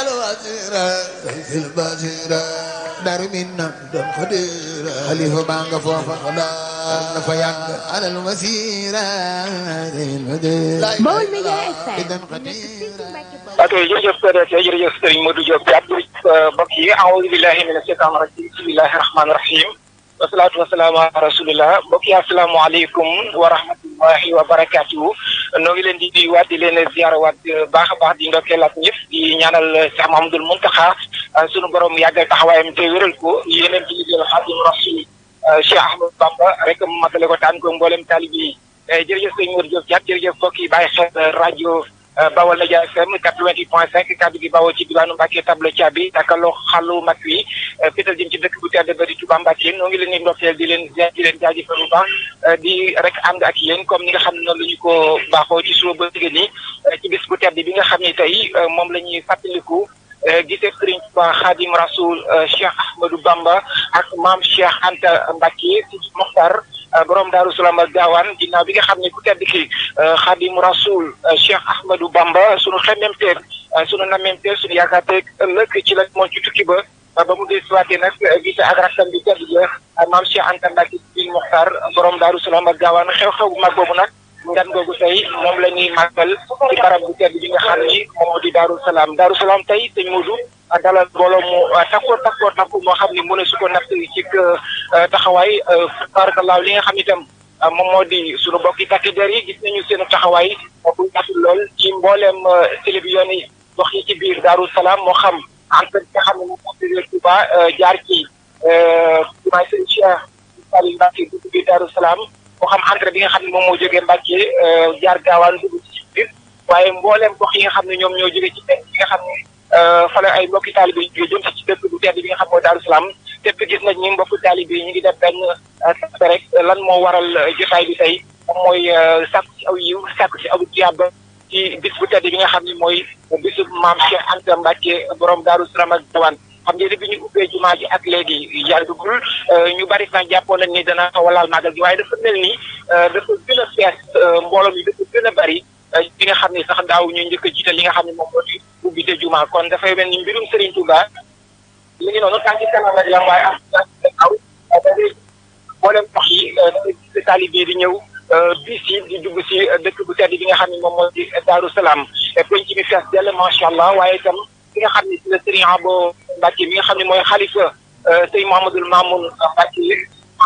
الوزيرة سيف البزيرة دار من نام دون خديرة خليفة بانغ فوفا خلا نفيانغ على المسيرة بول ميديا اسان اذا خديرة ok jërëjëf RTS jërëjëf Serigne Modou Diop jàpp euh, mbokk yi aoudu billahi mina shaytaani rajim bismillahi rahmaani rahim wasalaatu wasalaamu ala rasulillah mbokk yi asalaamaaleykum wa rahmatullahi wa barakaatuhu noo ngi leen di di waat di leen ziarawaat baax a baax di ndokkeelaat ñëpp di ñaanal Cheikh Mahamadul Muntaxa ah, sunu borom yàggal taxawaayam te wéral ko yéeneen ci liggéeyal Xaadimu Rasuul ah, Cheikh Ahmadou Bamba rek mu matale ko taan ko mboolem taalibe yi eh, jërëjëf sëñ Mor Diop Thiat jërëjëf mbokk yi bàyyi xel eh, Euh, Bawol Media FM 88 point 5 kàddu gi bawoo ci diwaanu Mbacke table caabi takaloo xalu mag wi euh, féetal jëm ci dëkk bu tedd ba di Touba Mbacke noo ngi leen di ndokkeel di leen di leen jaajëfal bu euh, di rek ànd ak yéen comme ni nga xam ne noonu la ñu ko baaxoo ci suba ba jigéen ñi ci bis bu tedd bi nga xam ne tey moom la ñuy fàttaliku gisee Sëriñ Tuubaa Xaadim Rasuul Cheikh Ahmadou Bamba ak maam Cheikh Anta Mbacke si Moxtar Euh, borom daaru salaam ak gaawaan ginnaaw bi nga xam ne ku tedd ki euh, xadim rasul euh, Cheikh Ahmadou Bamba sunu xemmemteeg sunu nammemteeg sunu yaakaar teeg ëllëg ci la moom ci tukki ba ba mu des waatee nag gise ak rakkam bi tedd ja maam Cheikh Anta Mbacke bin Mokhtar borom daaru salaam gaawaan xew-xew bu mag boobu nag ngan googu tey moom la ñuy màggal ci barab bu tedd bi nga xam ni moom di daaru salaam daaru salaam tey sëñ Modou dalal mbooloo mu takkoo takkoo takku moo xam ne mu ne su ko natt ci euh, taxawaay euh, barakallahu li nga xam itam euh, moom moo di suñu bokki takk der yi gis nañu seen taxawaay bu yaatu lool ci mbooleem télévision yi dox yi ci biir Daaru Salaam moo xam antenne jaar ci jumaay sëñ Cheikh Salaam moo xam entrée bi nga xam ne moom moo jógee Mbacke jaar gaawaan dugg ci biir waaye mbooleem gox yi nga xam ne ñoom ñoo jógee ci benn yi nga xam Euh, fa la ay mbokki taalibe yi jëm si ci dëkk bu tedd bi nga xam mooy Daaru Salaam tepp gis nañ ni mbokki taalibe yi ñu ngi def benn tappe euh, rek lan moo waral euh, jotaay bi tey mooy sàkku ci aw yiw sàkku ci aw jiab ci bis bu tedd bi nga xam ne mooy bisu maam Cheikh Anta Mbacke borom Daaru Salaam ak Gawane xam ngeen ne bi ñu ubbee jumaa ji ak léegi yàggul ñu bari fan jàppoon nañ ni dana xawalaal màggal gi waaye dafa mel ni dafa gën a fees mbooloo mi dafa bi nga xam ni sax daaw ñu njëkk a jiital li nga xam ne moom moo di ubbi te juma kon dafay mel ni mbirum Serigne Touba li ngi noonu tànki kanam la yam waaye am aw da mboolem wax yi euh, taalibe di ñëw euh, bis yi di dugg si dëkk bu tedd bi nga xam ne moom moo di Daaru Salaam penc mi fees dell macha allah waaye itam li nga xam ne si la Serigne Abo Mbacke mi nga xam ne mooy xalifa euh, sëñ Mouhamadoul Mamoun Mbacke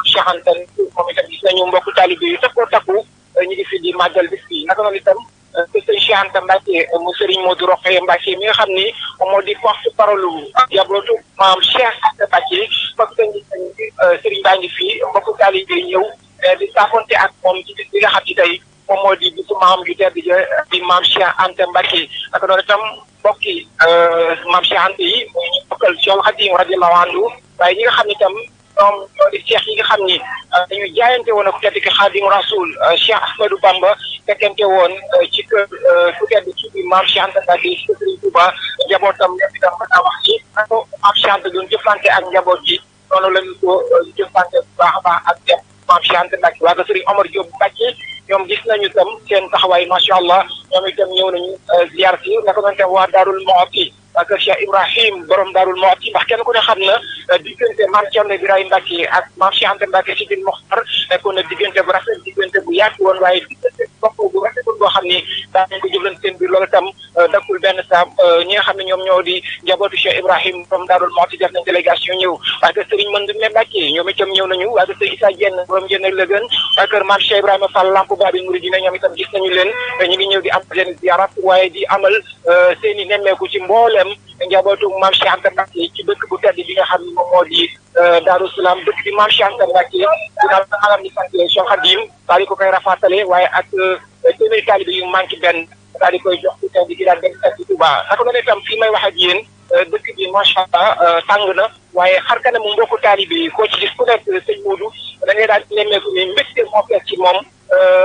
Cheikh Anta moom itam gis nañu mbokku taalibe yu takkoo takku ñu ngi fi di màggal bis bi naka itam Cheikh Anta Mbacke mu Serigne Modou Rokhaya Mbacke mi nga xam ni moo di porte parole jablootu maam Cheikh Anta Mbacke mbokk yi Serigne baa ngi fii mbokk taalibe yi ñëw euh, di saafonte ak moom ci bis bi nga xam ci tey moom di bisu maam ju tedd ja di maam Cheikh Anta Mbacke naka noonu itam mbokk euh, maam Cheikh Anta yi ñu bokkal Cheikh Khadim radiyallahu anhu waaye ñi nga xam ne itam cheikh yi nga xam ni euh, dañuy jaayante woon ak ku tedd ki xaadimu rasul euh, cheikh ahmadou bamba fekkente woon euh, ci kër ku tedd ci bi maam cheikh anta badi sëriñ touba njabootam itam mën naa wax ci ako maam cheikh anta doon jëflante ak njaboot ji noonu lañu ko jëflante bu baax a baax ak maam cheikh anta nag waa ko sëriñ omar diop mbàcke ñoom gis nañu tam seen taxawaay macha allah ñoom itam ñëw nañu euh, ziar si naka noonu tam waa Darou Mouhty kër Cheikh Ibrahim borom Darou Mouhty ndax kenn ku ne xam na euh, diggante maam Thierno Ibrahima Mbacke ak maam Cheikh Anta Mbacke si biir Mokhtar nekkoon na diggante bu rafet diggante bu yaatu woon waaye diggante. bokk xam ni daa nañ ko jëflante seen biir loolu itam euh, benn saam euh, ñi xam ne ñoom ñoo di njabootu Cheikh Ibrahim borom Daarul Muxti def nañ délégation ñëw waa kër Serigne Mandoumbe Mbacke ñoom itam ñëw nañu waa kër Serigne Issa Diène borom Diène Lëgën waa kër Maam Cheikh Ibrahima Fall Lamp Babil Mouridina ñoom itam gis nañu leen ñu ngi ñëw di am seen waaye di amal euh, seen i nemmeeku ci mboolem njabootu maam Cheikh Anta Mbacke ci dëkk bu tedd bi nga xam ne moom moo di euh, Daaru Salaam dëkk bi maam Cheikh Anta Mbacke dinaa alam ni sant ko koy rafatale waaye ak euh, téeméeri yu manqué benn daal koy jox ci tedd gi daal dem ci Touba fii may wax ak yéen euh, dëkk bi macha tàng na waaye xar kanam mu mbokku taalibe yi ko ci gis ku nekk sëñ Moodu da ngay daal di nemmeeku ni mbégte moo fees ci moom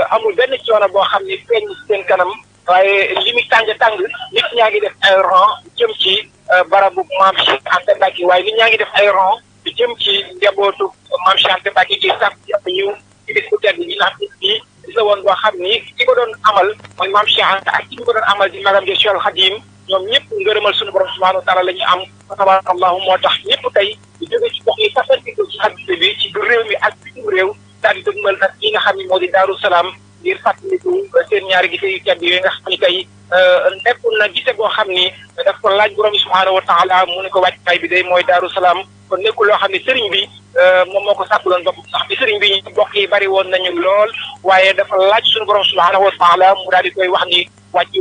amul benn coono boo xam ne feeñ seen kanam waaye li muy tàng tàng nit ñaa ngi def ay ron jëm ci euh, barabu maam Cheikh Anta Mbacke waaye nit ñaa ngi def ay ron jëm ci njabootu maam Cheikh Anta Mbacke gi sax yëpp ci bis bu bi ndax bis bi woon boo xam ni ki ko doon amal mooy maam Cheikh Anta ak ko doon amal di magam ji Cheikh Khadim ñoom ñëpp ngërëmal suñu borom subhanahu wa taala la ñu am tabarakallahu moo tax ñëpp tey di jóge ci gox yi fasantikoo ci àdduna bi ci réew mi ak bitim réew daal di dëgmal yi ñi nga xam ne moo di Daaru Salaam ngir fàttaliku seen ñaari gise yu tedd yooyu nga xam ni tey euh, nekkul na gise goo xam ni daf ko laaj borom bi subhaanahu wa taala mu ne ko wàccaay bi day mooy daaru salaam kon nekkul loo xam ne sëriñ bi euh, moom moo ko sàkkuloon bopp sax sëriñ bi bokk yi bari woon nañu lool waaye dafa laaj suñu borom subhaanahu wa taala mu daal di koy wax ni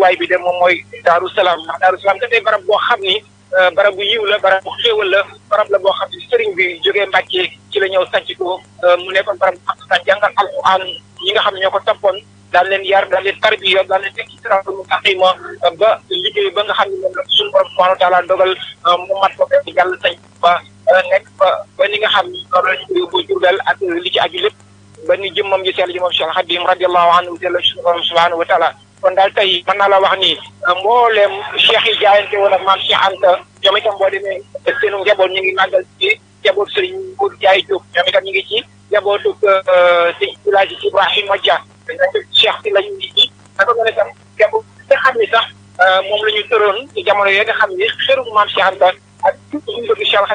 waay bi de moom mooy daaru salaam ndax daaru salaam barab boo xam ni Euh, barab bu yiw la barab bu xéewal la barab la boo xam ne sëriñ bi jógee Mbàkke ci la ñëw sànc ko euh, mu nekkoon barab bu xam ne jàngal ñi nga xam ñoo ko toppoon daal leen yar daal leen tarbiya daal leen teg ci siraatal mustaqiima euh, ba liggéey ba nga xam ne moom la suñu borom subhaanahu wa taala dogal mu mat ko fekk yàlla sànc ba nekk ba ni nga xam ne noonu la ñu ko jurdal ak li ci aju lépp ba ni jëmmam ji sell ji moom Cheikh Xadim radiyallahu anhu suñu kon daal tey mën naa la wax nii euh, mboolem cheikh yi jaayante wala maam Cheikh Anta ñoom itam boo demee seenu njaboot ñu ngi màggal ci njaboot sëriñ Mour Jaay Diop ñoom itam ñu ngi ci njabootu euh, sëñ village Ibrahima Dia cheikh si lañu ngi ci dafa mel itam njaboot nga xam ni sax euh, moom la ñu tëroon ci jamono yooyu nga xam ni xërum maam Cheikh Anta ak tuuti ñu bëgg Cheikh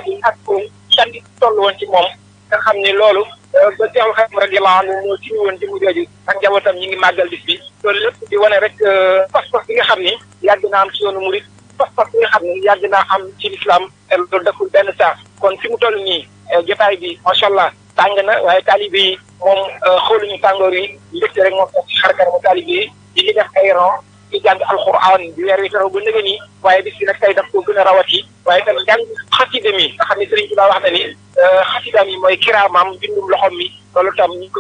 Xadim woon ci moom nga xam ni loolu ba ci am xam radiyallahu anhu ci ñëwoon jëmm ak njabootam ñi ngi màggal bis bi loolu lépp di wane rek euh, pas-pas bi nga xam ni yàgg naa am ci yoonu murit pas-pas bi nga xam ni yàgg naa am ci lislaam loolu deful benn saa kon fi mu toll nii euh, jotaay bi ma allah tàng na waaye taalibe yi moom euh, ñu tàngoor yi mbégte rek moo tax xarkar mu taalibe yi di li def ay ron ci jàng alxuraan di weer wi teraw ba nëgë nii waaye bis bi nag tey daf koo gën a yi waaye tam jàng xasida mi nga xam ne Sëriñ Tuubaa wax na ni euh, mooy kiraamam bindum loxom mi loolu tam ñu ko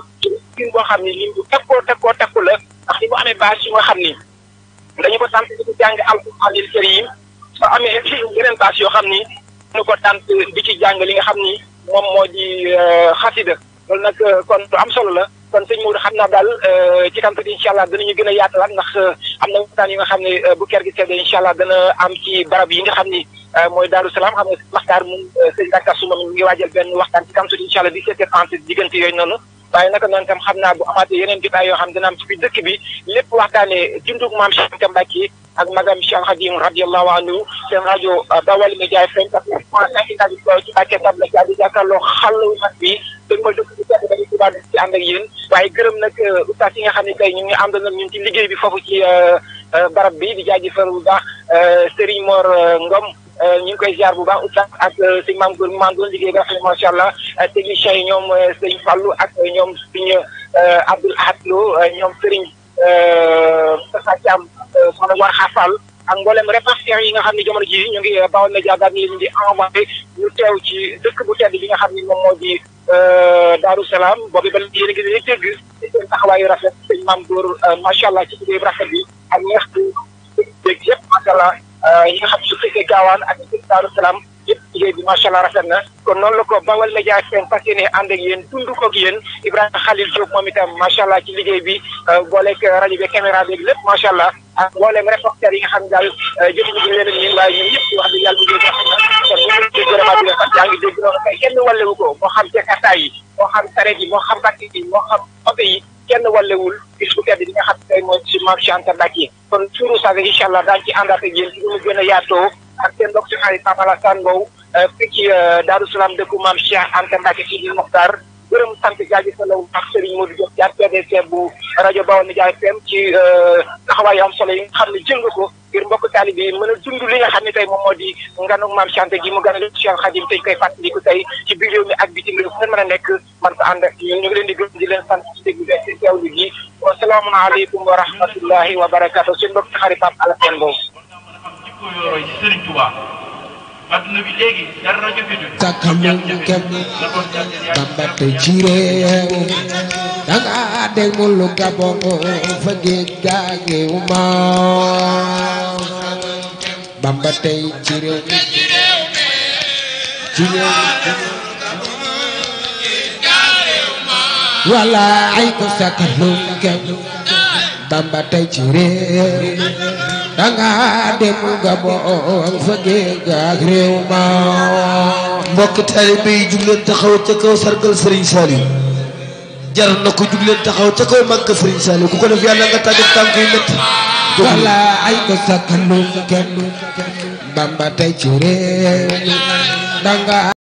gën xam ne lim bu takkoo takkoo takku la ndax ni mu xam ni dañu ko tànt di ko jàng yi kariim soo amee yeneen bâche yoo xam ni nu ko tànt bi ci jàng li nga xam ni moom moo di euh, xasida loolu nag euh, kon lu am solo la kon sëñ Mourou xam naa daal euh, ci kanam tuuti incha allah danañu gën a yaatalaat ndax euh, am na waxtaan yi nga xam ne euh, bu ker gi seddee incha allah dana am ci barab yi nga xam ni mooy Daaru Salaam xam nga Maxtaar moom sëñ Dakar Souma mi ngi waajal benn waxtaan ci kanam tuuti incha allah di seet en diggante yooyu noonu. waaye naka noonu tam xam naa bu amaatee yeneen jotaay yoo xam dina am ci biir dëkk bi lépp waxtaanee ci ndug maam Cheikh yi ak magam Cheikh Khadim radiyallahu anhu seen rajo euh, Bawal Média FM quatre-vingt-dix point cinq naaj bi ci Mbàkke Tabla Dia jàkkaarloo xàllu mag bi dëgg ma dëgg bu tedd ba di Tuubaa ci ànd ak yéen waaye gërëm nag euh, yi nga xam ne tey ñu ngi ànd nag ñun ci liggéey bi foofu ci euh, barab bi di jaajëfal bu baax Serigne Mor Ngom ñu koy jaar bu baax oustaz ak sëñ maam góor maam doon liggéey ba xam ne macha allah techniciens yi ñoom sëñ Fallou ak ñoom sëñ Abdoul Ahad Lo ñoom sëriñ Moustapha euh, Thiam euh, Mawla War Xafal ak mboolem répartiteur yi nga xam ne jamono ji ñu ngi euh, Baol Médias daal ñu ngi envoyé ñu teew ci dëkk bu tedd bi nga xam ni moom moo di Daaru Salaam boobu ba léegi yéen a ngi leen dégg seen taxawaayu rafet sëñ Maam Góor macha allah ci liggéey rafet bi ak ñi nga xam ne dégg yëpp macha allah nga xam ne su fekkee gaawaan ak Daaru liggéey bi macha allah rafet na kon noonu la ko Baol Médias FM fas yéene ànd ak yéen dund koog yéen Ibrahima Khalil Diop moom itam macha allah ci liggéey bi euh, booleeg rajo bi caméra bi lépp macha allah ak mboolem reporter yi nga xam daal euh, jotuñu leen a ñun waaye wax dëgg yàlla bu ñu ko kon ñu ngi dégg vraiment di leen kenn wallewu ko moo xam jakarta yi moo xam sareet yi moo xam bàtt yi moo xam oto yi kenn wallewul bis bu tedd bi nga xam tey kon suuru saga incha allah daañu ci àndaat ak seen mbokk si xarit Pape Alassane Mbow euh, fii ci euh, Daaru Salaam dëkku maam Cheikh Anta Mbacke ci biir Mokhtar gërëm sant jaajëfal ak Serigne Modou Diop jaar PDC bu rajo Bawol Média FM ci euh, taxawaay yu am solo yi nga xam ne jëng ko ngir mbokk taalibe yi mën a dund li nga xam ne tey moom moo di nganu maam Chante gi mu ganale Cheikh Khadim tey koy fàttaliku tey ci biir réew mi ak bitim réew fu mën a nekk man fa ànd ak ñun ñu ngi leen di gërëm di leen sant ci déglu bi teewlu gi wasalaamu aleykum wa rahmatullahi ko yoo roy ci Serigne Touba adduna bi léegi dara jafetu mu lu gabon fa géej gaa ngi umaa tey jireewu jireewu walla ay ko sakkamu kenn Bamba tey jireewu danga dem nga boog fa géej a réew ma mbokk taalibe yi jug leen ca kaw sargal Serigne Saliou jar na ko jug leen taxaw ca kaw màgg Serigne Saliou ku ko def yàlla nga tàggat tànk yu métti ay ko sakkanum kenn bamba tey ci réew danga